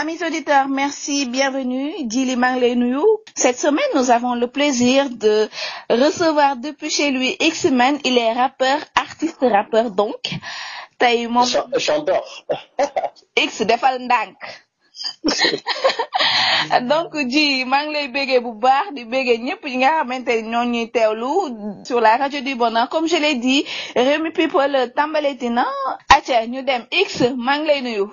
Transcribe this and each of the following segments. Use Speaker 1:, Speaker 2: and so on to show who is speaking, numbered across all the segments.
Speaker 1: Amis auditeurs, merci, bienvenue. Djili Manglenuyu. Cette semaine, nous avons le plaisir de recevoir depuis chez lui X-Men. Il est rappeur, artiste rappeur donc. tey moom
Speaker 2: chanteur.
Speaker 1: X defal ndànk. donc ji maa ngi lay béggee bu baax di béggee ñëpp ñi nga xamante ni ñoo ñuy teewlu sur la radio du bonheur comme je l'ai dit Rewmi People tàmbaleeti na. acca ñu dem X maa ngi lay nuyu.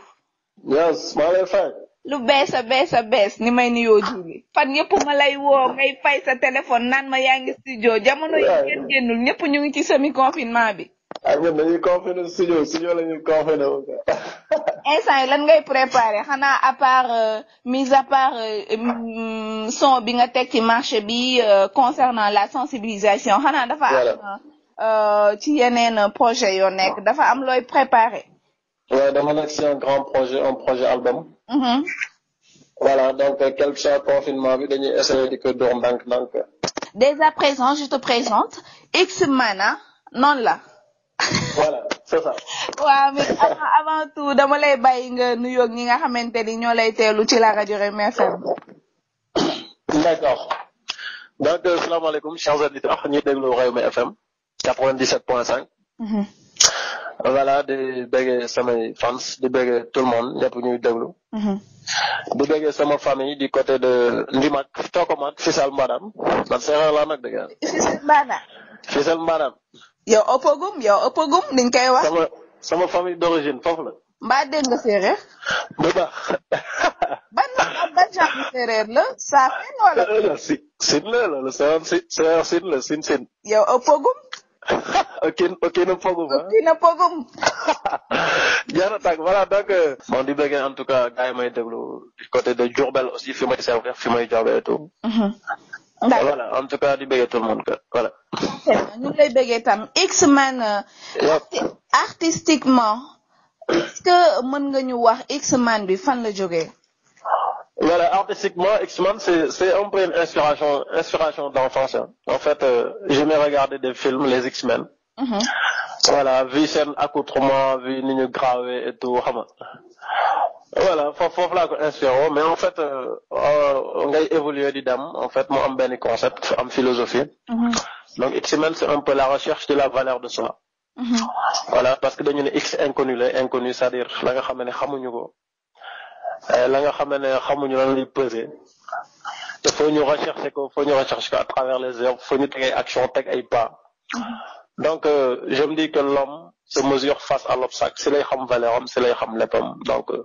Speaker 2: yes maa lay fay.
Speaker 1: lu bees a bees a bees ni may nuyoo Juli. fan yëpp ma lay woo ngay fay sa téléphone naan ma yaa ngi studio jamono yi ngeen génnul ñëpp ñu ngi ci sami confinement bi.
Speaker 2: ak ñun dañuy studio studio la ñuy confiné wu.
Speaker 1: instant yi lan ngay préparé xanaa à part euh, mise à part euh, son bi nga teg ci marché bi euh, concernant la sensibilisation xanaa dafa am. ci yeneen projet yoo nekk dafa am looy préparé.
Speaker 2: waaw dama nekk si un grand projet un projet album. Mm-hmm. voilà donc euh, quelque soit confinement bi dañuy essayer di ko door ndànk-ndànk.
Speaker 1: dès à présent je te présente X-Mana ah, noonu la. voilà c'est ça. waaw mais avant tout dama lay bàyyi nga nuyoog ñi nga xamante ni ñoo lay teelu ci la rajo Rewmi FM.
Speaker 2: d'accord donc euh, salaamaaleykum chers auditeurs ñuy déglu Rewmi FM 97.5. voilà di bëggee samay fans de bëggee tout le monde ñëpp ñuy déglu. Mhm. di bëggee sama famille di côté de Ndimak Tokomak Fisal Mbadam man séeréer laa nag dëgg yàlla. Mbadam. Fisal Mbadam.
Speaker 1: yow ëppagum yow ëppagum
Speaker 2: sama sama famille d'origine foofu la.
Speaker 1: mbaa dégg nga séeréer. bu baax. ban ban ban genre séeréer la saafeen
Speaker 2: wala. si sin la loolu séeréer si séeréer okina pogum
Speaker 1: okina pogum
Speaker 2: jaaratak voilà donc on di bëggee en tout cas gars yi may déglu côté de Diourbel aussi fi may servir fi may jobee tout voilà en tout cas di bëggee tout le monde voilà
Speaker 1: ñu lay bëggee tam X-Men artistiquement est que mën nga ñu wax X-Men bi fan la jógee
Speaker 2: Voilà, artistiquement, X-Men, c'est un peu une inspiration, inspiration d'enfance. Hein. En fait, euh, j'aimais regarder des films, les X-Men. Mm-hmm. Voilà, vu seen accoutrement, vu ni ñu gravé et tout, xam voilà foofu foofu laa ko inspiré mais en fait euh, euh, ngay évoluer di dem en fait mu am benn concept am philosophie. Mm-hmm. donc X-Men c'est un peu la recherche de la valeur de soi. Mm-hmm. voilà parce que dañu ne X inconnu la inconnu cest dire la nga xam ne xamuñu ko. Euh, la nga xam ne xamuñu lan lay peser te foo ñu rechercher ko foo ñu rechercher ko à travers les œuvres foo ñu teg ay actions teg ay pas donc euh, je me dis que se mesure face à l'obstacle si lay xam valeur am si lay xam léppam donc euh,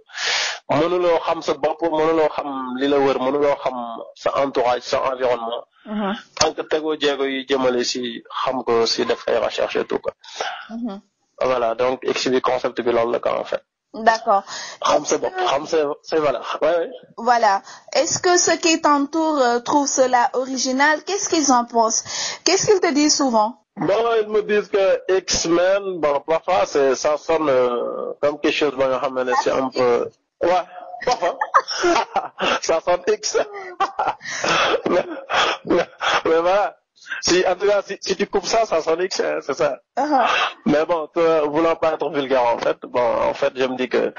Speaker 2: mënuloo xam sa bopp mënuloo xam li la wër mënuloo xam sa entourage sa environnement mm-hmm. tant que yi jëmale si xam ko si def ay recherche et tout quoi mm-hmm. voilà donc expliquer concept bi la quoi D'accord. Xam sa bopp
Speaker 1: Voilà. Est-ce que ceux qui t'entourent euh, cela original? Qu'est-ce qu'ils en pensent? Qu'est-ce qu'ils te disent souvent?
Speaker 2: ils me disent que X-Men, bon, parfois euh, comme quelque chose ba nga xam c'est un peu ouais. Parfois. ça sonne X. mais voilà. Si, en tout cas, si, si tu coupes ça, ça c'est ça. Uh -huh. Mais bon, toi, voulant pas être vulgaire, en fait, bon, en fait, je me dis que,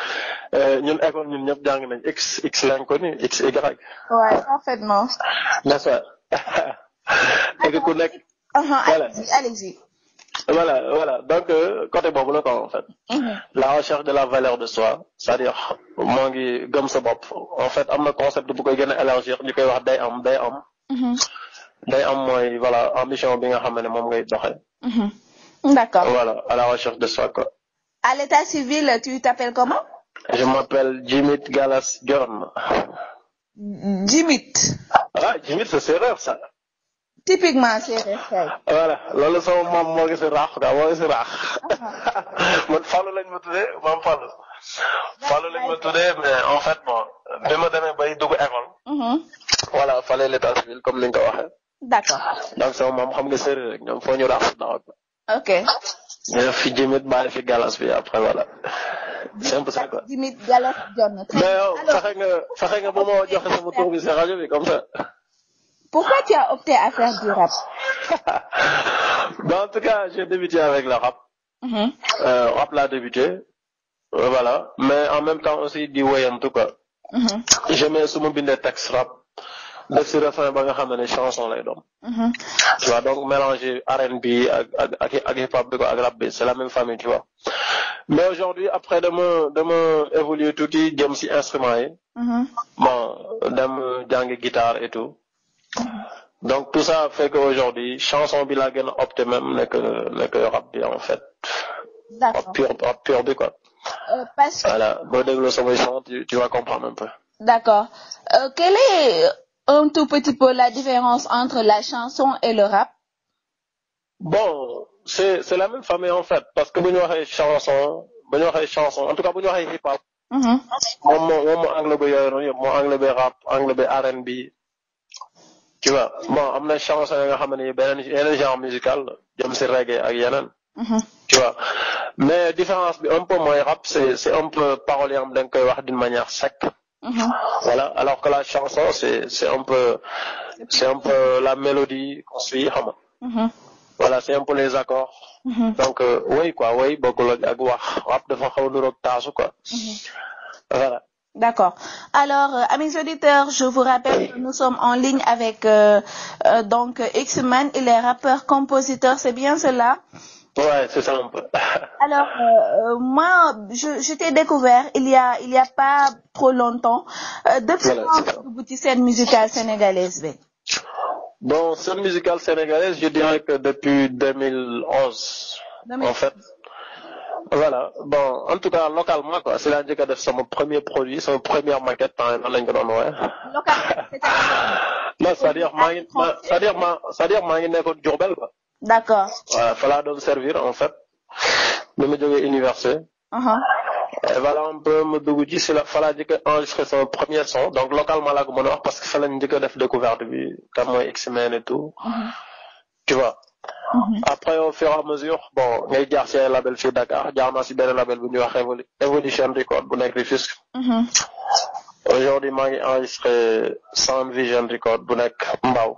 Speaker 2: euh, nous, nous, nous, X, X l'inconnu, X, Y.
Speaker 1: Ouais, parfaitement.
Speaker 2: N'est-ce pas? Et que connect. Uh
Speaker 1: -huh, voilà. Allez-y, allez-y.
Speaker 2: Voilà, voilà. Donc, euh, bon, en fait, mm -hmm. la recherche de la valeur de soi, c'est-à-dire, moi, gomme ce En fait, on a le concept de beaucoup élargir, du coup, il y a des hommes, des hommes. day am mooy voilà ambition bi nga xam ne moom ngay doxee.
Speaker 3: Mm-hmm. d'accord voilà
Speaker 2: à la recherche de soi quoi.
Speaker 1: à l'état civil tu t'appelles comment.
Speaker 2: je m'appelle Jimit Galas Dione. Jimit. ah Jimit c'est séeréer ça.
Speaker 1: typiquement séeréer
Speaker 2: voilà loolu sama maam moo gis raax quoi moo gis raax uh-huh. man Fallou lañ ma tuddee maam Fallou. Fallou lañ ma tuddee mais en fait bon bi ma demee bay dugg école. Mm-hmm. voilà fallait l'état civil comme ni nga ko waxee. d'accord donc sama maam xam nga séeréer rek ñoom foo ñu raaf ndaw ak. ok. ñu fi jimit baal fi galas bi après voilà. simple ça quoi
Speaker 1: jimit galas jonn.
Speaker 2: mais yow fexe nga fexe nga ba ma joxe sama tur bi si rajo bi comme ça.
Speaker 1: pourquoi tu as opté à faire du rap.
Speaker 2: en tout cas j'ai débuté avec le rap. Mm-hmm. Euh, rap laa débuté. Euh, voilà mais en même temps aussi di woyantu quoi. Mm-hmm. je mets su ma bindee texte rap. def si refrain ba nga xam ne ne chanson lay doon. Mm-hmm. tu vois donc mélanger R&B ak ak ak ak hip hop bi ko ak rap bi c'est la même famille tu vois. mais aujourd'hui après dama dama évoluer tuuti jëm si instrument yi. Mm-hmm. bon dem jàngi guitare et tout. donc tout ça fait que aujourd'hui chanson bi laa gën a opté même nekk nekk rap bi en fait. d'accord pur rap pur bi quoi. Euh, parce que voilà boo déglu samay chant tu vas comprendre un peu.
Speaker 1: D'accord. Euh, quel est un tout petit peu la différence entre la chanson et le rap
Speaker 2: c'est la même famille en fait parce que bu ñu waxee chanson bu waxee chanson en tout cas bu ñu waxee hip hop mm-hmm. moom moo moom moo englobe yooyu noonu yëpp moo englobe rap englobe R&B tu vois am na chanson yi nga xam ne beneen yeneen genre musical jëm si reggae ak yeneen mm-hmm. tu vois mais différence bi un peu mooy rap c'est c'est un peu paroles yi am da nga koy wax d'une manière sec Mm-hmm. voilà alors que la chanson c'est un peu c'est un peu la mélodie qu'on mm-hmm. c'est un peu les accords mm-hmm. donc woy euh, quoi woy bokkul ak wax rap dafa xaw quoi voilà D'accord.
Speaker 1: Alors, à euh, mes auditeurs, je vous rappelle que nous sommes en ligne avec euh, donc X-Man, il rappeur, compositeur, c'est bien cela?
Speaker 3: Ouais, c'est ça un peu.
Speaker 1: Alors, euh, euh, moi, je, je t'ai découvert il y a, il y a pas trop longtemps. Euh, depuis voilà, quand vous êtes scène musicale sénégalaise
Speaker 2: je dirais que depuis 2011, 2011. en fait. Voilà. Bon, en tout cas, localement, quoi. C'est là que j'ai sama premier produit, sama première maquette, lañ ko doon woowe. Localement, c'est-à-dire? Non, c'est-à-dire maa ngi, c'est-à-dire maa, c'est-à-dire maa ngi nekkoon Diourbel, quoi. d' accord voilà fa servir en fait bi ma jógee université. Uh-huh. voilà un peu ma dugg ci si la fa laa njëkk a enregistré son donc localement laa ko mën a wax parce que fa njëkk def découverte bi tam mooy X-Men et tout. Uh-huh. tu vois. Uh-huh. après au fur et à bon ngay jaar label fii Dakar jaar naa ci benn label bu ñuy wax évolu Evolution Record bu nekk Rufisque. aujourd'hui maa ngi enregistré Sound Vision Record bu nekk Mbao.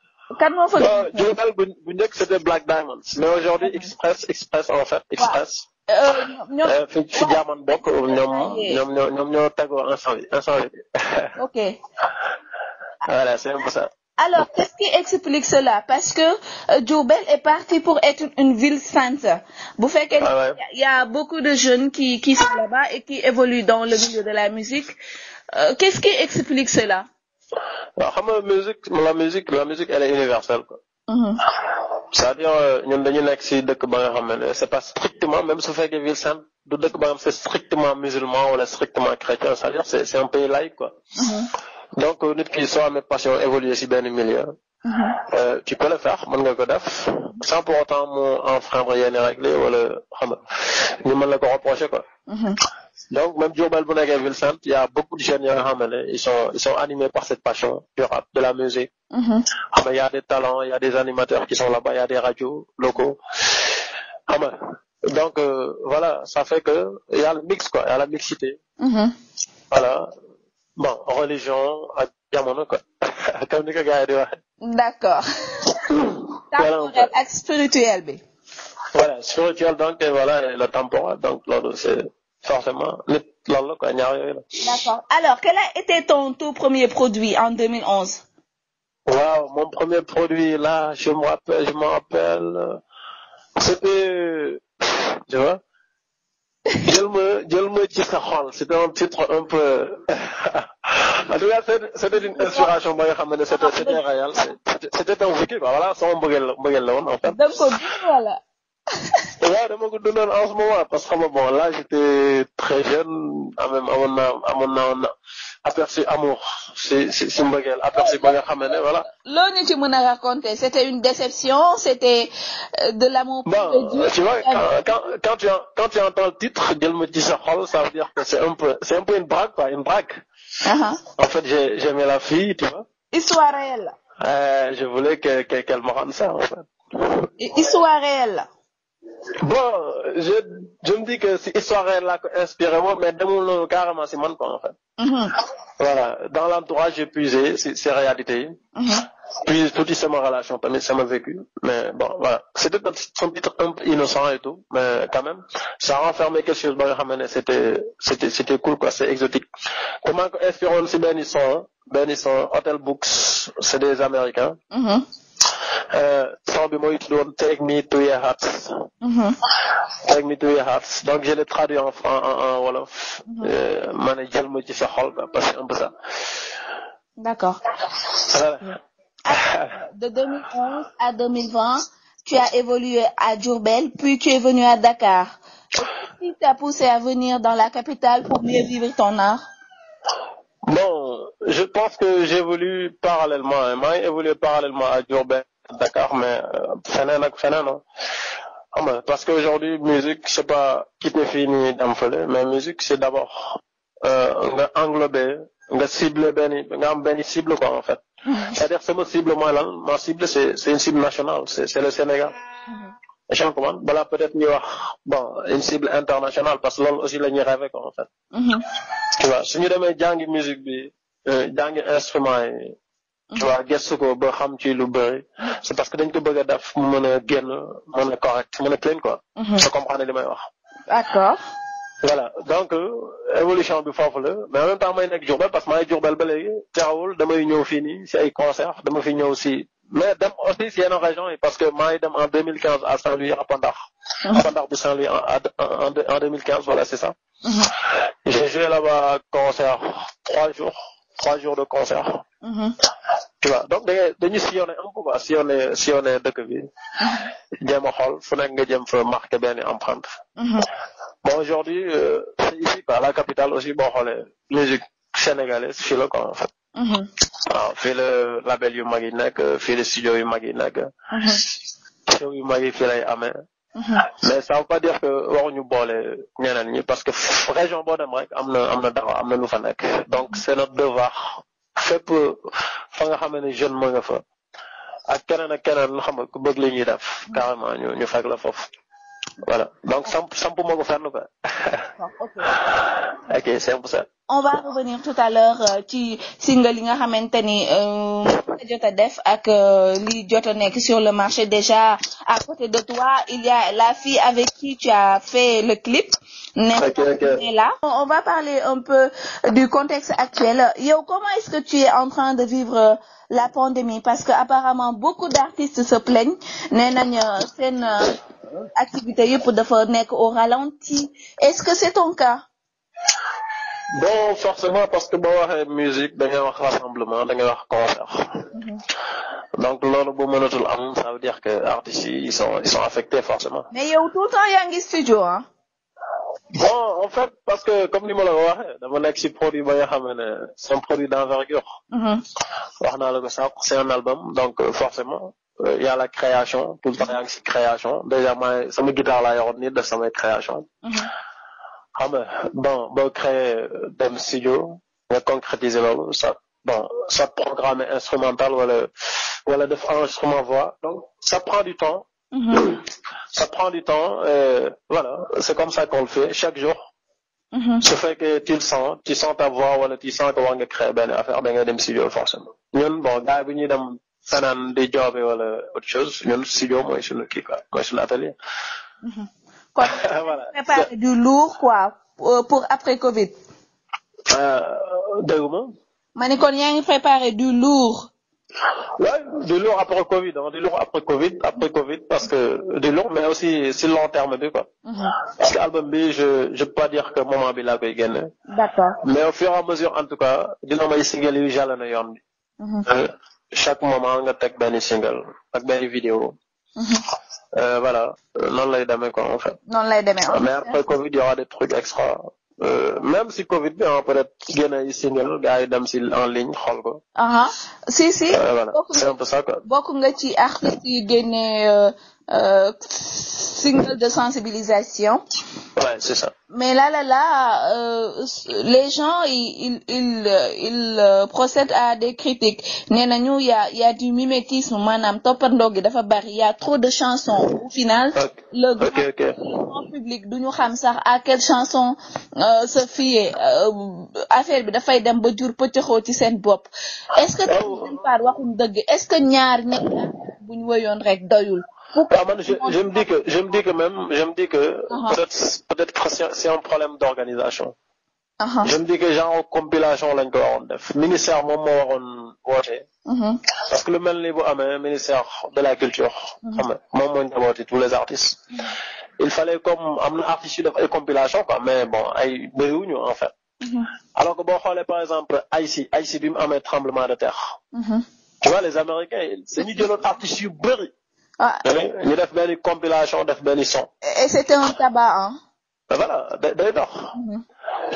Speaker 1: kan moo fa. Diourbel
Speaker 2: bu bu njëkk c'était Black Diamonds mais aujourd'hui Express Express en fait Express.
Speaker 1: Euh, euh, ñoom euh, fi fi jaamoon bokk ñoom ñoom
Speaker 2: ñoo ñoom ñoo tagoo incendie incendie. ok. voilà c'est un peu ça.
Speaker 1: alors qu'est-ce qui explique cela parce que Diourbel est parti pour être une ville sainte bu fekkee il y a beaucoup de jeunes qui qui sont là-bas et qui évoluent dans le milieu de la musique qu'est-ce qui explique cela.
Speaker 2: waaw xam nga musique la musique la musique elle est universelle quoi. Mm-hmm. dire euh, ñun dañu nekk ci dëkk ba nga xam ne c'est pas strictement même su fekkee ville sainte du dëkk ba nga xam c'est strictement musulman wala strictement chrétien c'est-à-dire c'est c'est pays laïque quoi. Mm-hmm. donc euh, nit ki soo amee passion évoluer ci benn milieu. Mm-hmm. Euh, tu peux le faire mën nga ko def sans pour autant mu enfreindre yenn règles wala xam nga ñu mën la ko reprocher quoi. Donc, même Jobel Boneguer simple, il y a beaucoup de jeunes, ils sont, sont animés par cette passion de la musique. Mm -hmm. y a des talents, y a des animateurs qui sont là y a des radios locaux. Ah, ben, donc, euh, voilà, ça fait que, il y a mix, quoi, y a la mixité. Mm Voilà. Bon, religion, jamono, quoi. Comme ni ko gars yi di
Speaker 1: D'accord. temporel
Speaker 2: Voilà, spirituel donc, et voilà, le temporel, donc, loolu c'est forcément nit loolu la quoi ñaar yooyu la.
Speaker 1: d'accord alors quel a ton tout premier produit en 2011.
Speaker 2: waaw mon premier produit là je me rappelle je me rappelle c'était tu vois jël ma jël ma ci sa xol c'était un titre un peu en tout cas c'était une inspiration ba nga xam ne c'était c'était réel c'était un vécu voilà sama mbëggeel la mbëggeel la woon en fait. voilà. waaw dama ko dundoon en ce moment parce que là j'étais très jeune en ah, même aperçu amour si si si aperçu ba nga xam ne voilà.
Speaker 1: loo ñu ci mën a raconter c'était une déception c'était euh, de l'amour. bon tu vois
Speaker 2: quand tu entends le titre jël ma ci sa xol ça veut dire que c'est un peu une braque quoi une braque. Uh-huh. en fait j'aimais la fille tu vois. histoire euh, je voulais qu'elle me rende ça en fait. histoire bon je je me dis que si histoire laa ko inspiré moom mais demul noonu carrément si man quoi en fait. Mhm. voilà dans l'entourage j'ai puisé si si réalité yi. Mhm. puis tuuti sama relation tamit sama vécu mais bon voilà c'était peut-être un peu innocent et tout mais a même ça renfermait quelque chose ba nga xam ne c'était c'était c'était cool quoi c'est exotique. comment ko inspiré woon si benn son benn son Hotel Books c'est des Américains. Mhm. Euh, son bi mm-hmm. donc je l'ai traduit en en wolof. Mm-hmm. Euh, ma ne jël ma ci sa ça.
Speaker 1: d'accord. de à tu as évolué à Diourbel puis tu es venu à Dakar. Qu'est-ce qui poussé à venir dans la capitale pour mieux vivre ton art?
Speaker 2: je pense que j'évolue parallèlement, hein. Moi, parallèlement à Diourbel. Dakar mais euh, feneen ak feneen ah. parce que aujourd'hui musique c'est pas ki te fii nii dem mais musique c'est d'abord euh, nga englober nga cible benn nga am benn cible quoi en fait. Mhm. c'est-à-dire sama cible mooy lan ma cible c'est une cible nationale c'est le Sénégal. échange mhm. commande balaa peut-être ñuy wax bon une cible internationale parce que loolu aussi la ñuy rêvé en fait. Mhm. tu vois su ñu demee bi euh, jàngi instrument yi. waaw gëstu ko ba xam ci lu bëri c'est parce que dañ ko bëgg a def mu mën a génn mën a correct mën a clean quoi. soo mhm. comprendre li may wax. d'accord. voilà donc euh, évolution bi foofu la mais en même temps may nekk Diourbel parce que maa ngi Diourbel ba léegi teewul damay ñëw fii nii si ay concert dama fi ñëw si mais dem aussi si yenn région yi parce que maa ngi dem en 2015 à Saint-Louis à Pandax. Mhm. à Pandax bu Saint-Louis en en en 2015 voilà c'est ça. Mhm. j'ai joué de concert. tu mm-hmm. vois donc dañuy dañuy sillonné un peu quoi sillonné sillonné dëkk bi mm-hmm. jéem a xool fu nekk nga jëm fa marqué benn empreinte. Mm-hmm. bon aujourd'hui euh, c'est ici boo xoolee musique sénégalaise fii la quoi en label yu mag yi nekk fii la studio yu mag yi nekk. show yu mag yi fii lay amee. mais ça veut pas dire que waruñu boole ñeneen ñi parce que région boo dem rek am na am am na lu fa nekk donc c'est notre devoir. fépp fa nga xam ne jeune moo nga fa ak keneen ak keneen loo xam ne ku bëgg li ñuy def carrément ñu ñu fekk la foofu voilà donc samp samp moo ko fenn quoi ah, ok
Speaker 1: on va revenir tout à l'heure euh, single yi nga xamante ni euh, jot a def ak euh, li jot nekk sur le marché déjà à côté de toi il y a la fille avec qui tu as fait le clip okay, okay. là on va parler un peu du contexte actuel comment est-ce que tu es en train de vivre la pandémie parce que apparemment beaucoup d'artistes se plaignent nee nañ seen activité yëpp dafa nekk au ralenti est-ce que c'est ton cas
Speaker 2: bon forcément parce que boo waxee musique da ngay wax rassemblement da ngay wax concert donc loolu boo mënatul am sa veut dire que artistes yi ils sont ils affectés forcément.
Speaker 1: mais yow tout le temps yaa studio ah?
Speaker 2: bon en fait parce que comme li ma la ko dama nekk ci produit ba nga xam ne c'est un produit d'envergure. Mm-hmm. wax naa la ko sax c'est un album donc euh, forcément. Euh, y a la création tout le temps yaa ngi création déjà maay sama guitare laa yoroon nii def samay création. Mm-hmm. xam bon boo créé dem euh, studio nga concrétiser loolu sa bon sa programme instrumental wala wala def enregistrement voix donc ça prend du temps mm-hmm. ça prend du temps et euh, voilà c'est comme ça qu'on le fait chaque jour su mm-hmm. fekkee tu le sens tu sens ta voix wala tu sens que war nga créer benn affaire da nga dem studio forcément ñun bon gars bi ñuy dem fanaan di joobe wala autre chose ñun studio mooy suñu kii quoi mooy suñu atelier mm-hmm. kon
Speaker 1: préparer du lourd quoi euh, pour après Covid.
Speaker 2: Euh, dégg nga.
Speaker 1: ma ne kon yaa ngi préparer du lourd.
Speaker 2: oui du lourd après Covid ah du lourd après Covid après Covid parce que du lourd mais aussi si long terme bi quoi. Mhm. parce que album bi je je peux pas dire que moment bi laa koy génne. d'accord mais au fur et à mesure en tout cas dina may single yu jàll na yoon bi. Mhm. Euh, chaque moment nga teg benn single ak Euh, voilà, euh, noonu lay demee quoi en fait.
Speaker 1: noonu lay demee mais
Speaker 2: après Covid y aura des trucs extra. Euh, si Covid bi ah peut être génne yi single gars yi dem si en ligne xool ko.
Speaker 1: Ah, ah. si si. Euh, voilà c'est un peu ça quoi. bokk nga ci artistes yi génne. Euh, Euh, signal de sensibilisation. Ouais, Mais là, là, là, euh, les gens, ils, euh, procèdent à des critiques. Nee nañu, il y a, il du mimétisme, maanaam toppandoo gi dafa bari, il y a trop de chansons. Au final,
Speaker 3: okay. le grand,
Speaker 1: public duñu xam sax à quelle chanson euh, se fier. affaire bi dafay dem ba jur pëccëxoo ci seen bopp. Est-ce que tamit oh. seen part waxuñ dëgg, est-ce que ñaar bu buñ wéyoon rek doyul. Pourquoi
Speaker 2: ah, je, je, me dis que, je même, je me dis que peut-être, c'est un problème d'organisation. Ah ah. je me dis que genre compilation lañ ko waroon def ministère moom moo waroon woote. Mm -hmm. parce que lu mel ni bu amee ministère de la culture. Mm -hmm. xam nga moom moo ñu jabooti tous les artistes. Mm -hmm. il fallait comme am na artistes yu ay compilation mais bon ay bëriwuñu en alors que boo xoolee par exemple Haïti Haïti bi mu amee tremblement de terre. tu vois les Américains dañu jëloon artistes yu bëri. ah ñu def benn compilation def benn son.
Speaker 1: et c'était un tabac hein.
Speaker 2: voilà day dox. Mm-hmm.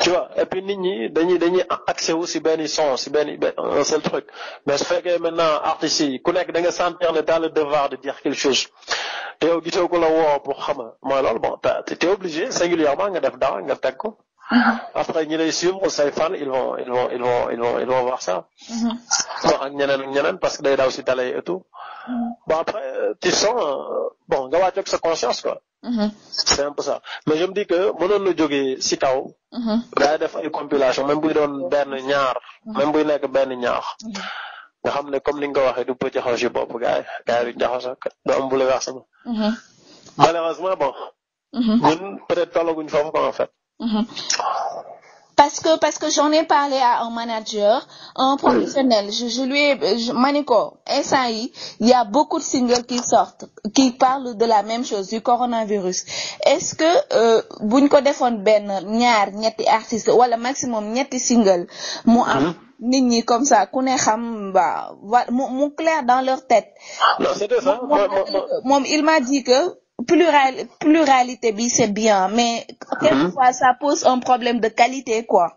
Speaker 2: tu vois et nit ñi dañu dañuy accès wu si benn son si benn un seul truc mais su fekkee maintenant artistes yi ku nekk da nga sentir ne dans le devoir de dire quelque chose te yow gisoo ko la woo pour xama mooy loolu bon t'es obligé singulièrement nga def dara nga teg ko. Ah. après ñi lay suivre say fan ils vont ils vont ils vont ils vont mm-hmm. wax
Speaker 3: ak
Speaker 2: ñeneen ak ñeneen parce que day daw si ta et tout. Mm-hmm. bon après euh, tu sens euh, bon nga wàcc ak sa conscience quoi. Mm-hmm. c'est un peu ça mais je me dis que mënoon si kaw. gars def ay compilation même buy doon benn ñaar. même buy nekk benn ñaar. nga xam ne comme ni nga ko waxee du bëgg jaxasoo si bopp gars yi gars yi duñ jaxasoo du malheureusement bon. ñun peut-être tollaguñ foofu quoi en fait.
Speaker 1: Mmh. parce que parce que j'en ai parlé à un manager un professionnel je je lui ai je ma yi il y a beaucoup de singles qui sortent qui parlent de la même chose du coronavirus est-ce que euh, buñ ko defoon benn ñaar ñetti artiste wala maximum ñetti single mu am mm-hmm. nit ñi comme ça ku ne xam ba mu clair dans leur tête. il m'a dit que. plural pluralité bi c'est bien mais quelquefois ça pose un problème de qualité quoi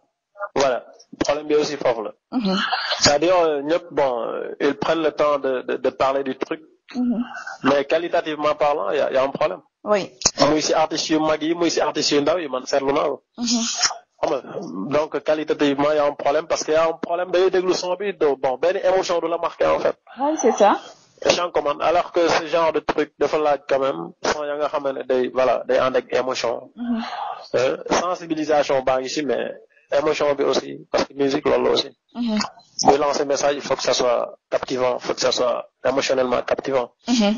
Speaker 2: voilà problème bi aussi foofu la mhm. c'est-à-dire euh, ñëpp bon euh, ils prennent le temps de de, de parler truc mm -hmm. mais qualitativement y a, y a un problème oui muy si artistes yu mag yi muy si artistes yu ndaw yi man seetlu naa ko mhm. donc qualitativement y a un problème parce que y a un problème day déglu son bi do bon benn la marqué en fait oui c'est ça j'en commande alors que ce genre de truc dafa laaj quand même nga xam ne day voilà day ànd ak émotion mm-hmm. euh, sensibilisation baa ngi si mais émotion bi aussi parce que musique aussi mm-hmm. muy lancer message il faut que ça soit captivant il faut que ça soit émotionnellement captivant mm-hmm.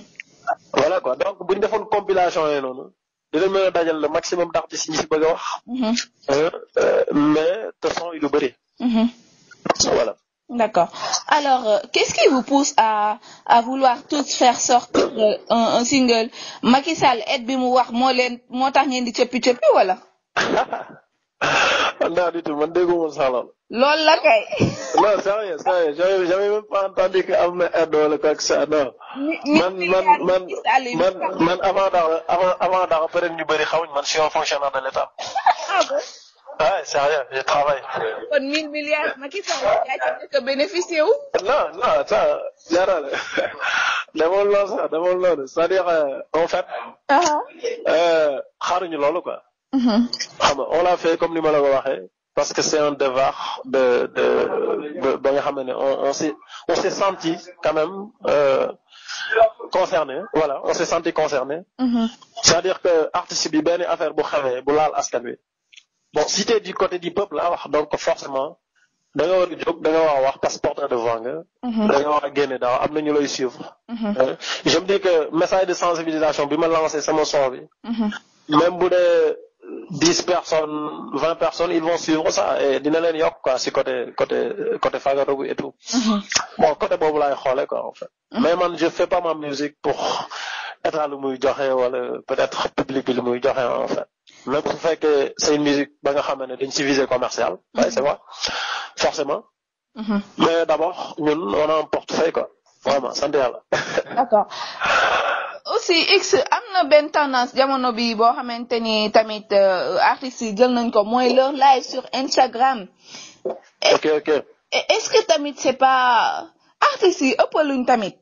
Speaker 2: voilà quoi donc bu ñu defoon compilation yooyu noonu dina mën a dajal le maximum d'artistes yi ñu euh, euh, te son yi du bëri voilà
Speaker 1: D'accord. Alors, euh, qu'est-ce qui vous pousse à, à vouloir tous faire sortir euh, un, single Macky Sall bi mu wax moo leen moo tax ngeen di cëppi cëppi wala.
Speaker 2: da du tout man dégguma sax lool.
Speaker 1: loolu la kay.
Speaker 2: non sérieux sérieux j'avais j'avais même pas entendu que am na aide wala quoi que non. man man man man man avant dara avant avant dara peut man je suis fonctionnaire de l'État. Ah Ouais, sérieux, je travaille.
Speaker 1: kon 1000
Speaker 2: non non attends jaral demoon loolu sax dire euh, en fait. Uh-huh. Euh, xaaruñu loolu quoi. Mm-hmm. xam nga on l'a fait comme ni ma la ko waxee. parce que c'est un devoir de de ba nga xam ne on on s'est on s'est senti quand même euh, concerné voilà on s'est senti concerné.
Speaker 3: mm mm-hmm.
Speaker 2: dire que artiste bi benn affaire bu xewee bu laal askan wi. bon si t'es du côté du peuple laa wax donc forcément da nga war a jóg a wax parce que porteur de voix nga mm-hmm. da nga war a génne daaw am na ñu lay suivre mm-hmm. euh, je me dis que message de sensibilisation bi ma lancé sama son bi mm-hmm. même bu dee dix personnes vingt personnes ils vont suivre ça et dina leen yokk quoi si côté côté côté fagarogu et tout bon côté boobu laay xoole quoi en mais man je fais pas ma musique pour état lu muy joxe wala public bi lu muy joxe en même su fekkee c'est une musique ba nga xam ne dañ ci visée mm-hmm. c'est vrai mm-hmm. mais d'abord ñun on a un portefeuille quoi vraiment sant yàlla
Speaker 1: d'accord aussi x am na benn tendance jamono bi boo xamante ni tamit euh, artistes yi jël nañ ko mooy leur live sur Instagram
Speaker 2: ok ok
Speaker 1: est que tamit c'est pas artistes yi ëppaluñ tamit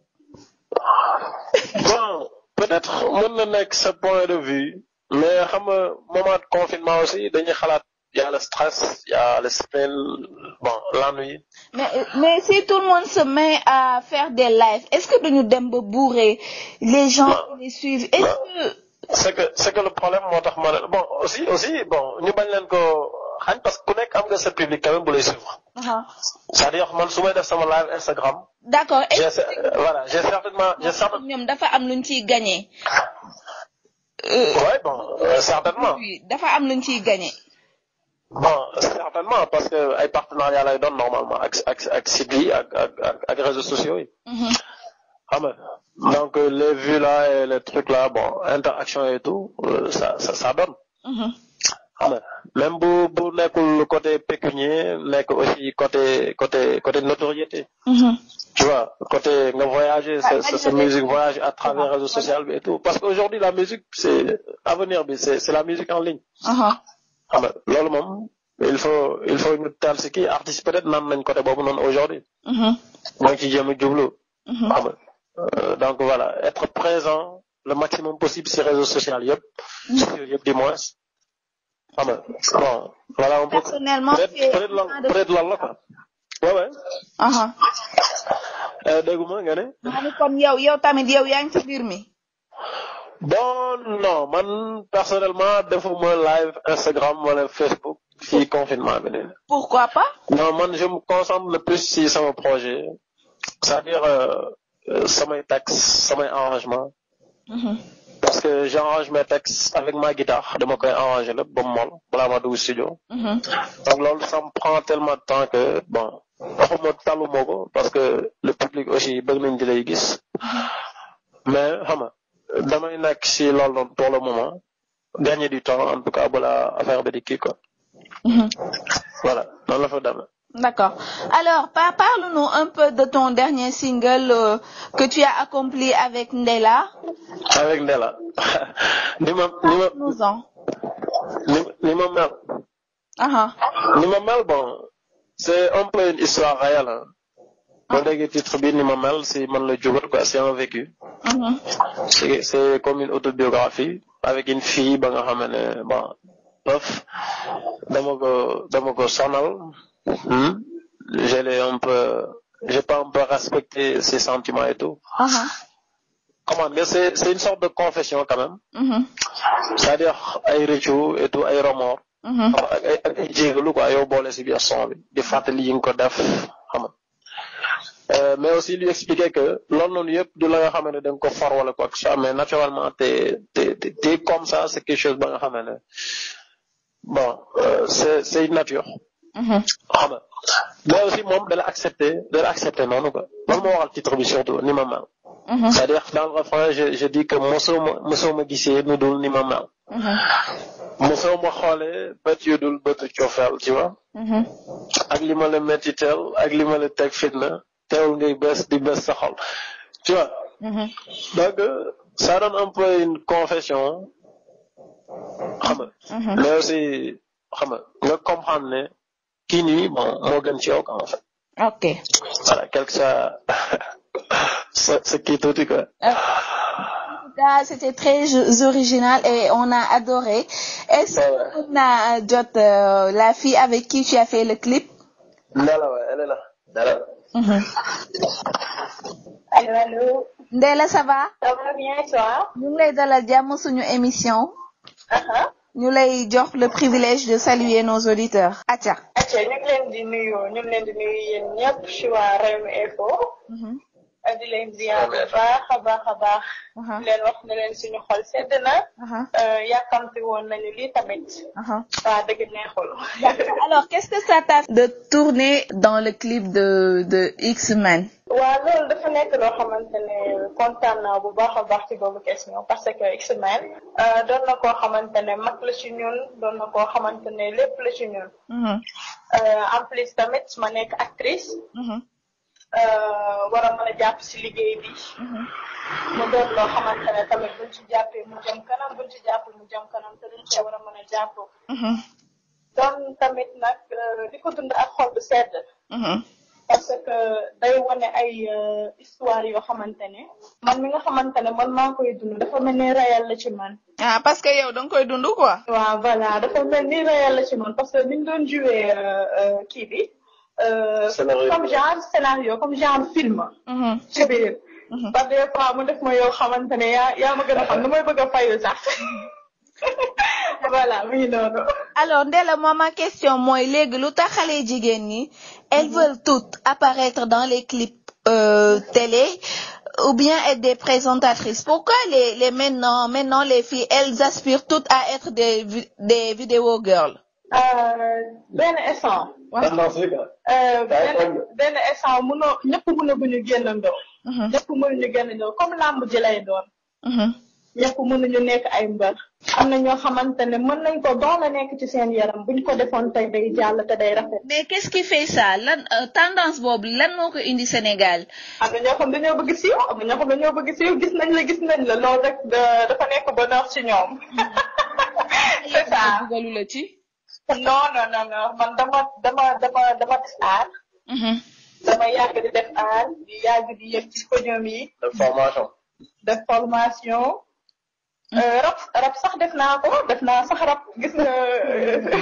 Speaker 2: bon peut-être mën na nekk ce point de vue mais xam nga moment confinement aussi dañuy xalaat y a le stress y le sel bon l'ennui.
Speaker 1: mais mais si tout le monde se met à faire des lives est-ce que dañu dem ba bourré les gens les suivent
Speaker 2: est-ce que. c'est que le problème moo tax ma ne bon aussi aussi bon ñu bañ leen ko xañ parce que ku nekk am nga sa public quand même bu suivre. c'est-à-dire man su may def sama live Instagram.
Speaker 1: d'accord voilà
Speaker 2: j'ai certainement j'ai certainement.
Speaker 1: dafa am lu ñu ciy
Speaker 2: ouais euh, bon euh, certainement.
Speaker 1: dafa am luñ ciy gagné.
Speaker 2: bon certainement parce que ay partenariat doon normalement ak ak ak site ak ak ak réseaux sociaux yi. Mm-hmm. xam nga donc euh, les vues là et les trucs là interaction et tout ça ça ça donne. Mm-hmm. xam nga même bu bu nekkul côté pécunier nekk aussi côté côté côté notoriété. Mhm. tu vois côté nga voyager sa sa musique voyage à travers réseau social bi parce que aujourd'hui la musique c'est avenir bi c'est c'est la musique en ligne. xam nga ah loolu moom il faut il faut ñu taal si kii artiste peut-être naan nañ côté boobu noonu aujourd'hui moo mhm. ngi ci jéem a jublu. xam mhm. ah euh, donc voilà être présent le maximum possible si réseaux sociaux yëpp. sur moins. xam nga bon voilà on peut. personnellement peut-être lool peut-être lool la quoi. waaw
Speaker 1: waaw. dégguma nga ne. maa ni kon yow yow tamit yow yaa ngi ci mbir
Speaker 2: bon non man personnellement defuma live Instagram wala Facebook ci confinement bi nii. pourquoi pas. non man je me concentre le plus ci sama projet c'est-à-dire euh, euh, samay textes samay arrangements. Mhm. parce que j'arrange mes textes avec ma guitare dama koy arranger lépp ba mu mool balaa ma dugg studio. Mm-hmm. donc loolu ça prend tellement temps que bon waxuma talu ma ko parce que le public aussi bëgg nañ di lay gis mm-hmm. mais xam damay nekk si loolu noonu pour le moment gagner du temps en tout cas balaa affaire bi di kii quoi. Mm-hmm. voilà noonu la fa demee.
Speaker 1: D'accord. Alors, par parle-nous un peu de ton dernier single euh, que tu as accompli avec Ndella.
Speaker 2: Avec Ndella. ni ma ni ma nous en. ni ni bon c'est un peu une histoire réelle ah. boo déggee titre ni ma mel si man la jógat quoi c'est un vécu. Mhm. c'est c'est comme une autobiographie avec une fille ba nga xam ne bon bof dama ko dama ko sonal. hmm? je un peu, j'ai pas un peu respecté ses sentiments et tout. Uh ah, -huh. Ah. c'est une sorte de confession quand même. Uh mm-hmm. dire ay rëccu et tout, ay remords. Mm-hmm. xam nga ak ay ak ay boole si biir son bi di fàttali yi nga ko def xam nga euh, mais aussi lui expliquer que loolu noonu yëpp du la nga xam ne da ko for wala quoi que mais naturellement te te comme ça c'est quelque chose ba nga xam ne bon euh, c'est c'est une nature. Mm-hmm. xam nga loolu aussi moom dala accepté dala accepté noonu quoi loolu moo waxal titre bi surtout ni ma mel. Mm-hmm. c'est-à-dire dans le je je dis que mosoo ma mosoo ni ma mel. Mm-hmm. mosoo ma xoolee bët yu dul bëtu cofeel tu ak li ma la métti ak li ma la teg fitna teewul ngay bés di bés sa xol tu donc ça donne un peu une confession xam mais aussi xam nga nga ne. kii bon moo gën ci ok voilà quelque soit sa sa kii tuuti quoi.
Speaker 1: ah c'était très original et on a adoré. est-ce que on a euh, jot euh, la fille avec qui tu as fait le clip.
Speaker 2: Ndela ouais elle est là Ndela.
Speaker 1: Mm-hmm. allo allo. Ndela ça ñu lay jox le privilège de saluer nos auditeurs. Atia.
Speaker 4: Atia ñu ngi leen di nuyu ñu ngi leen di nuyu yéen ñëpp ci waa Rewmi Info. Mhm. Ah, di leen ziar bu baax a baax a baax uh-huh. leen wax ne leen suñu xol sedd na uh-huh. euh, yàkkamti woon nañu lii tamit uh-huh. waaw dëgg neexul
Speaker 1: alors qu'est-ce que ça t'a de tourner dans le clip de de X-Men
Speaker 4: waaw loolu dafa nekk loo xamante ne kontaan naa bu baax a baax ci boobu question parce que X-Men euh, doon na koo xamante ne mag la ci ñun doon na koo xamante ne lépp la
Speaker 3: euh,
Speaker 4: en plus tamit ma nekk actrice Euh, war a a jàpp si liggéey bi. Mhm. mu doon tamit buñ ci jàppee mu jëm kanam buñ ci jàppee mu jëm kanam te duñ cee a mën a mhm. tamit nag euh, di ko ak xol bu sedd. Mhm. parce que day wane ay euh, histoire yoo xamante ne man mi nga xamante ne man maa koy dund dafa mel ni réel la ci man.
Speaker 1: ah parce que yow da nga koy dund quoi. waaw
Speaker 4: voilà dafa mel ni réel la ci man parce que ni ñu doon joué kii bi. Euh, comme genre scénario comme genre film. Mhm. ci biir. parce que des fois mu def ma yow xamante ne yaa yaa ma gën a xam nu may bëgg a fayu sax.
Speaker 1: voilà muy noonu. alors Ndella moom ma question mooy léegi lu tax xale jigéen ñi. elles mhm. veulent toutes apparaître dans les clips euh, télé ou bien être des présentatrices pourquoi les les maintenant maintenant les filles elles aspirent toutes à être des des vidéo girls.
Speaker 4: Euh, benn instant. waaw non c'est
Speaker 3: euh,
Speaker 4: benn benn instant mënoo ñëpp mënaguñu génnandoo. Mhm. ñëpp mënuñu génnandoo comme làmb ji lay doon. Mhm. ñëpp mënuñu nekk ay mbër. am na ñoo xamante ne mën nañ
Speaker 1: ko doon la ci seen yaram buñ ko defoon
Speaker 4: tey day day rafet.
Speaker 1: mais qu'est-ce qui fait ça lan euh, tendance boobu lan moo ko indi Sénégal. am na ñoo xam dañoo bëgg siiw am na ñoo xam dañoo bëgg siiw
Speaker 4: gis nañ la gis nañ la loolu rek dafa nekk bonheur ci ñoom. Mhm. la ci. non non non man dama dama def aar. Mm-hmm. dama yàgg def aar di yàgg di yëg ci podium yi. def formation. def formation. rab mm-hmm. euh, rab naa ko def naa sax mm-hmm.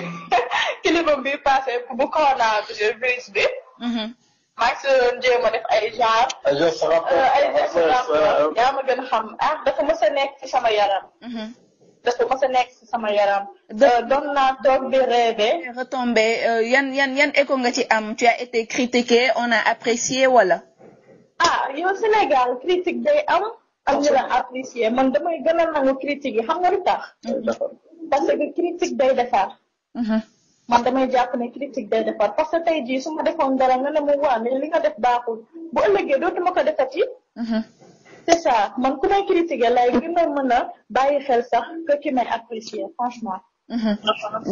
Speaker 4: xam ah, dafa mës nekk ci sama yaram. dafa mos a nekk si sama yaram.
Speaker 1: Euh, doon naa toog di rêver. retombé euh, yan yan yan écho ci am tu as été critiqué on a apprécié wala. ah yow Sénégal critique day am.
Speaker 4: am ñu la man damay gën a nangu critique yi xam nga lu mhm. parce que critique day defar. Mhm. man damay jàpp ne critique day defar parce que tey jii su ma defoon dara nga ne ma waa mais li nga def baaxul bu ëllëgee dootuma ko defati. Mhm. c'est ça
Speaker 1: man ku may critiquer lay gën a mën a bàyyi xel sax que ki may apprécier franchement. Mhm.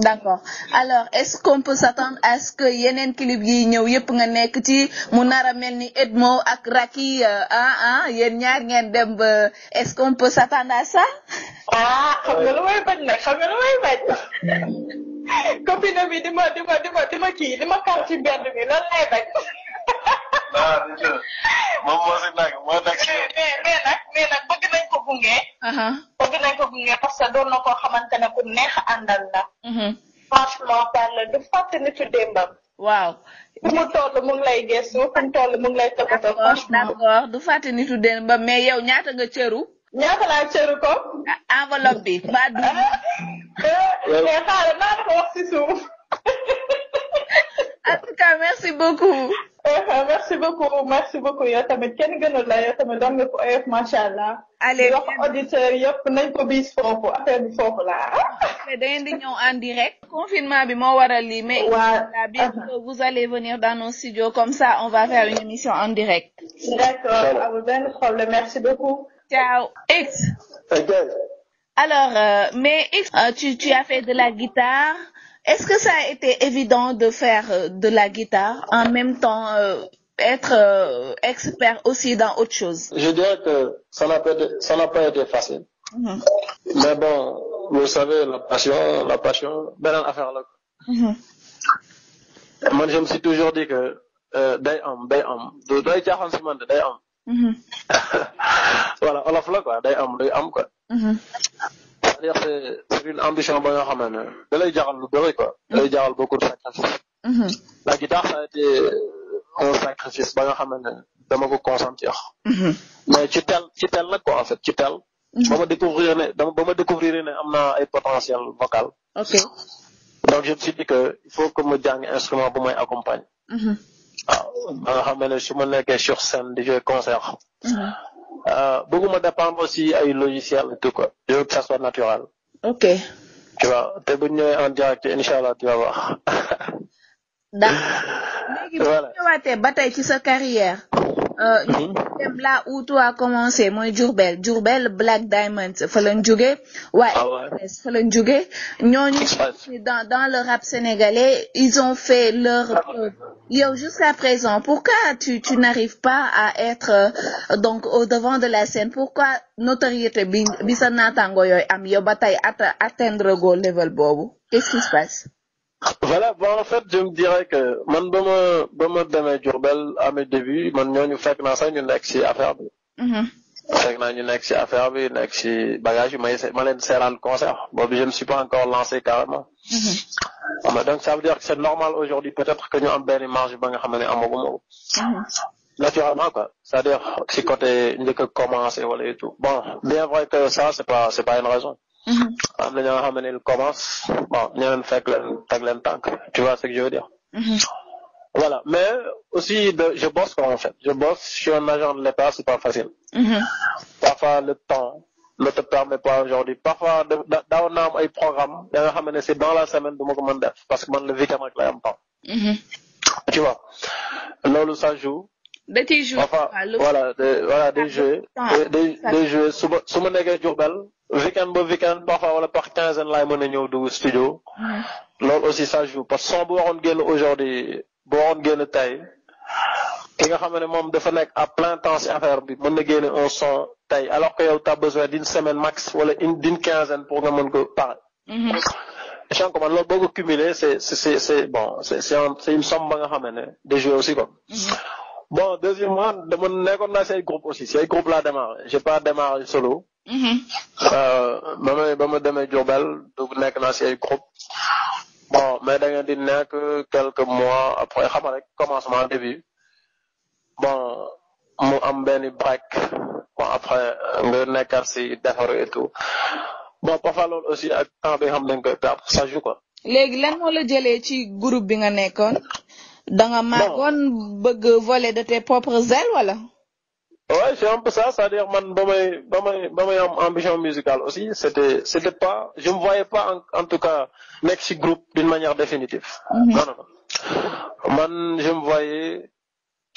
Speaker 1: d'accord alors est-ce qu'on peut s'attendre à ce que yeneen clip yi ñëw yëpp nga nekk ci mu nar a mel ni Edmo ak Racky euh, ah ah yéen ñaar ngeen dem ba est-ce qu'on peut s'attendre à ça. ah xam nga lu may bañ nag xam nga lu may bañ. copine bi di ma di ma di ma di ci mbedd mi lan lay bañ.
Speaker 2: ah dëgg la moom moo si nag moo nag si.
Speaker 3: mais mais nag mais
Speaker 4: nag bëgg nañ ko uh-huh. ko gunge parce que doon na koo xamante ne ku neex àndal
Speaker 1: la. Mm-hmm. franchement parle du fàtte nitu démbam. waaw. mu toll mu lay gëstu fu mu toll mu ngi lay toppatoo. d'accord du fàtte nitu démbam mais yow ñaata nga cëru. ñaata laa cëru ko. Ah, enveloppe bi mbaa dugub. Ah.
Speaker 4: mais
Speaker 1: xaaral naa ko wax si suuf. en tout cas merci beaucoup.
Speaker 4: Eh, merci beaucoup merci beaucoup yow tamit kenn gënul la yow tamit doon nga ko nañ ko bi foofu la
Speaker 1: da ngeen di ñëw en direct. confinement bi moo waral lii mais. waaw bientôt vous allez venir dans nos studios comme ça on va faire une émission en direct. alors euh, mais euh, tu as fait de la guitare. Est-ce a été évident de faire euh, de la guitare en même temps euh, être euh, expert aussi dans autre chose
Speaker 2: Je dirais que ça n'a pas, pas, été facile. Mm-hmm. Mais bon, vous savez, la passion, la passion, belle affaire là. Mm -hmm. Moi, dit que euh, day am day am du day caaxaan si day am. Mm-hmm. voilà olof la quoi day am day am quoi. Mm-hmm. c'est-à-dire c'est une ambition ba nga xam ne da lay jaxal lu bëri quoi da lay jaxal beaucoup de sacrifice mm-hmm. la guitare ça a été un sacrifice ba nga xam ne dama ko consentir mm-hmm. mais ci tel ci tel nag quoi en fait ci tel mm-hmm. ba ma découvrir ne dama ba ma découvrir ne am naa ay potentiel vocal ok donc je me suis dit que il faut que ma jàng instrument bu may accompagne waaw ah, ba nga xam ne su sur scène di jouer concert Euh, bëgguma dépendre aussi ay logiciel et tout quoi je soit naturel. ok. te bu ñu en direct incha allah tu vas voir.
Speaker 1: d'accord léegi bu ba tey ci sa carrière. Euh, mhm. dem là où tout a commencé mooy Diourbel Diourbel Black Diamond fa lañ jóge waa express ah fa dans le rap sénégalais ils ont fait leur ah euh, jusqu'à présent pourquoi tu n'arrives pas à être euh, donc au devant de la scène pourquoi notoriété bi bi yooyu am yow ba tey atteindre go level boobu qu'est-ce qui se passe
Speaker 2: voilà bon en fait je me dirais que man ba ma ba ma demee Diourbel à mes débuts man ñooñu fekk naa sax ñu nekk ci affaire bi. Mm-hmm. fekk naa ñu nekk ci affaire bi nekk ci bagage bi may ma leen seeraan concert boobu je ne suis pas encore lancé carrément. Mm-hmm. ama donc ça veut dire que c'est normal aujourd'hui peut-être que ñu am benn marge ba nga xam ne amaguma ko. Mm-hmm. naturellement quoi c'est-à-dire si côté njëkk a commencé wala et tout bon bien vrai que ça c'est pas am mm-hmm. na ah, ñoo xam ne ils commencent bon ñeneen fekk leen teg leen tànk tu vois ce que je veux dire. Mm-hmm. voilà mais aussi de je bosse quoi en fait je bosse je suis un agent de l'État c'est pas facile. Mm-hmm. parfois le temps ne te permet pas aujourd'hui parfois daaw naa am ay programme da nga xam ne c'est dans la semaine du ma ko mën def parce que man le week-end rek lay am temps. tu vois loolu ça joue.
Speaker 1: da ciy joué voilà de voilà day joué. day day joué
Speaker 2: su ma su ma nekkee weekend ba weekend parfois wala par quinzaine laay mën a ñëw dugg studio. loolu aussi ça joue parce son bu waxoon génn aujourd'hui bu waxoon génn tey ki nga xam ne moom dafa nekk à plein temps ci affaire bi mën na génne un son tey alors que yow t'as besoin d'une semaine max wala une d'une quinzaine pour nga mën ko pare.
Speaker 3: échange mm-hmm.
Speaker 2: ko man loolu boo ko cumulé c'est c'est bon c'est c'est une somme ba nga xam ne de jouer aussi quoi. Mm-hmm. bon deuxièmement dama nekkoon naa ci ay groupe aussi ci ay Mm-hmm. Euh, ba may ba ma demee Diourbel dugg nekk naa si ay groupe bon mais da ngeen di nekk quelques mois après xam rek commencement début bon mu am benn break bon après nga nekkaat si defaru et tout bon parfois loolu aussi ak temps bi nga xam dañ koy perdre ça joue quoi.
Speaker 1: léegi lan moo ci groupe bi nga nekkoon. da nga màggoon bëgg voler de tes propres ailes wala.
Speaker 2: Ouais, c'est un peu ça, cest dire man ba may ba may ba may am ambition musicale aussi, c'était c'était pas je me voyais pas en, en tout cas nekk ci groupe d'une manière définitive. Mm -hmm. Non non. Man je me voyais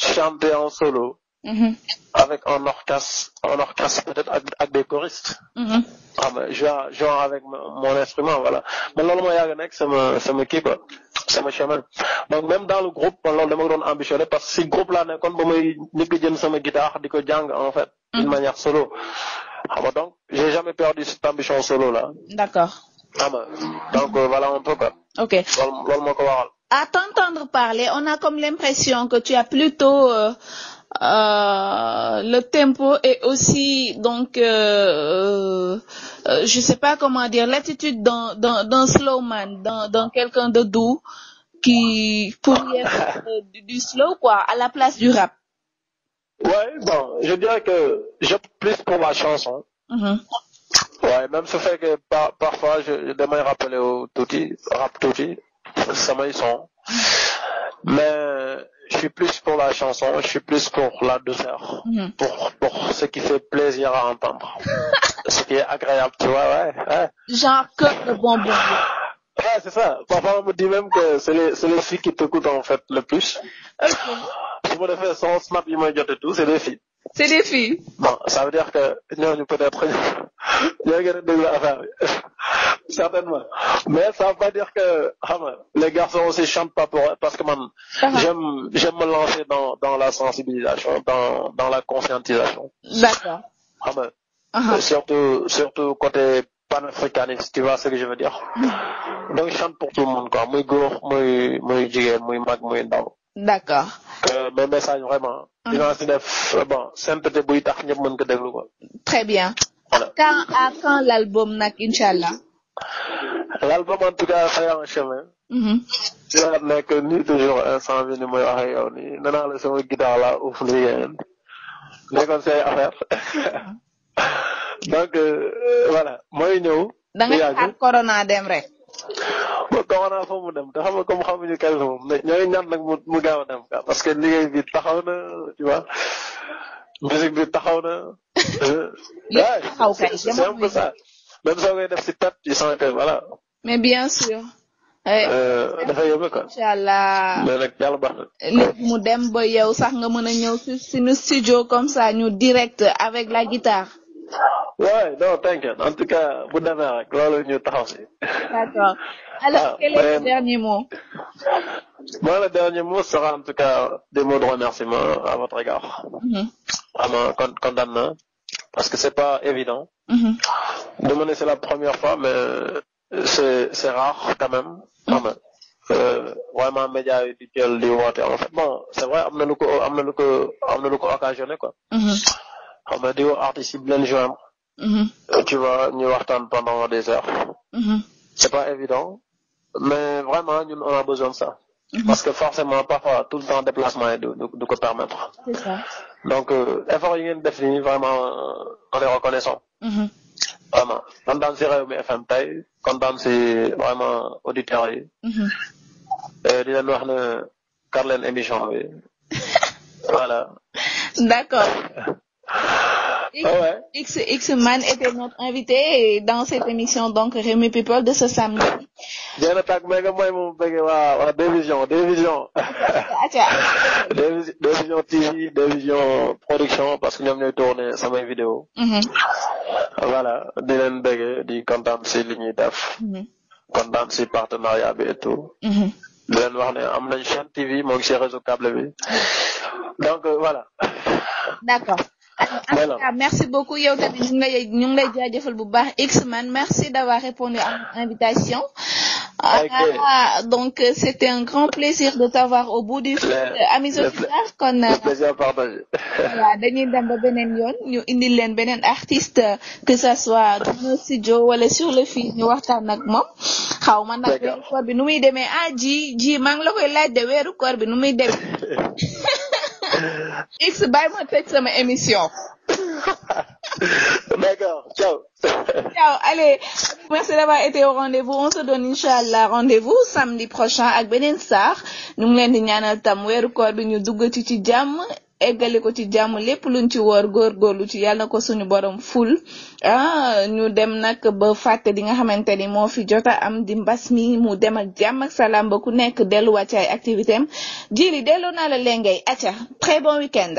Speaker 2: chanter en solo. Mhm. avec un orchestre, un orchestre peut-être ak ak des choristes. Mm -hmm. Ah mais avec mon instrument voilà. Man loolu moo yàgg nekk sama sama kii sama chemin donc même dans le groupe man loolu dama ko doon ambitionné parce que si groupe laa nekkoon ba may njëkk a jël sama guitare di ko jàng en fait d'une mm-hmm. manière solo xam ah nga donc j'ai jamais perdu cette ambition solo là d'accord xam ah nga donc euh, voilà un peu ok loolu loolu moo ko waral
Speaker 1: à t'entendre parler on a comme l'impression que tu as plutôt euh, euh, le tempo et aussi donc euh, sais pas comment dire l'attitude d'un slowman d'un quelqu'un de doux qui courrière euh, du, du, slow quoi à la place
Speaker 2: du rap ouais bon je dirais que j'opte plus pour ma chanson mm -hmm. ce que par, parfois je, je demande rappeler au touti rap touti ça me sont mais je suis plus pour la chanson je suis plus pour la douceur mm-hmm. pour ce qui fait plaisir à entendre ce qui est agréable tu vois ouais, ouais.
Speaker 1: genre que le bonbon
Speaker 2: Ouais, c'est ça. Parfois, on me dit même que c'est les, c'est qui te coûtent en fait le plus. Okay. Pour le faire sans snap, ils me gâtent tout, c'est les filles. C'est des Bon, ça veut dire que nous, peut-être, nous regardons la affaire. Certainement. Mais ça veut pas dire que les garçons aussi chantent pas pour parce que man, j'aime j'aime me lancer dans dans la sensibilisation, dans dans la conscientisation. D'accord. Ah, surtout côté panafricaniste tu vois ce que je veux dire donc chante pour tout le monde quoi muy góor muy muy jigéen muy mag muy ndaw d'accord mais message vraiment dinaa si def bon synthété buy tax ñëpp mën ko déglu quoi très bien voilà
Speaker 1: quand à quand l'album nag inchallah
Speaker 2: l'album en tout cas c'est en chemin di mhm. ah, la nekk ni ni muy wax ak yow nii la sama guitare la uuf ni yéen nekkoon say affaire mhm. donc euh, euh, voilà mooy ñëw. da nga
Speaker 1: corona dem rek.
Speaker 2: ba corona foofu mu dem te xam comme xamuñu kañ la moom ñooy ñaan dem parce que liggéey bi taxaw na tu vois musique bi taxaw na. lépp taxaw kay c'est un peu ça si perte yi sant voilà.
Speaker 1: mais bien sûr. Eh, euh, dafa yóbbu quoi. incha allah
Speaker 2: mais nag yàlla baax
Speaker 1: na. dem ba yow sax nga mën a ñëw si suñu studio comme ça ñu direct avec la guitare.
Speaker 2: waaye non t'inquiète en tout cas bu demee rek loolu ñu taxaw si.
Speaker 1: d'accord ah, quel est le dernier mot.
Speaker 2: moi le dernier mot sera en tout cas des mots de remerciement à votre égard. vraiment kon kontaan na que c'est pa évident. du ma ne c'est la première fois mais euh, c'est rare quand même. xam nga vraiment média yi di jël di woote en bon c'est vrai am ko am na lu xam nga di woo artistes yi bi leen joindre mm-hmm. euh, tu vois ñu waxtaan pendant des heures mm-hmm. c'est pas évident mais vraiment on a besoin de ça mm-hmm. parce que forcément parfois tout le temps déplacement yi du du ko permettre donc euh, effort yi ngeen def vraiment euh, on est reconnaissant vraiment kontaan si Rewmi FM tey kontaan si vraiment auditeurs yi di leen ne kar émission bi voilà
Speaker 1: d'accord X, ah ouais. X, X Man était notre invité dans cette émission donc Rewmi People de ce samedi.
Speaker 2: Diène Tag Mbengue mooy moom bëgg waa waa deux visions deux visions. deux visions TV deux visions production parce que ñoom ñooy tourné samay vidéo. Mm-hmm. voilà di di kontaan si li ñuy def. Mm-hmm. kontaan si partenariat bi et tout. Mm-hmm. di leen wax ne am nañ chaîne TV moo ngi si réseau câble voilà
Speaker 1: merci beaucoup yow tamit ñu ngi lay ñu ngi lay jaajëfal bu baax man merci d'avoir répondu à mon invitation. Okay. Ah, donc c'était un grand plaisir de t'avoir au bout du fil. amis auditeurs kon. le plaisir dañuy dem ba beneen yoon ñu indil leen beneen artiste que ça soit dans le wala sur le fil ñu waxtaan ak moom. xaw ma nag weeru koor bi nu muy demee ah ji ji maa ngi la koy laaj de weeru koor bi nu muy demee. X bàyyi ma tëj sama émission. D'accord, ciao. Ciao, allez. Merci d'avoir été au rendez-vous. On se donne inchallah rendez-vous samedi prochain ak beneen saax ñu ngi leen di ñaanal tam weeru koor bi ñu duggati ci jàmm. eggali ko ci jàmm lépp luñ ci woor góorgóorlu ci yàlla ko suñu borom ful ah ñu dem nag ba fàtte di nga xamante ni moo fi jota am di mbas mi mu dem ak jàmm ak salaam ba ku nekk delluwaat ci ay activité am jiri delloo naa la léngay aca très bon week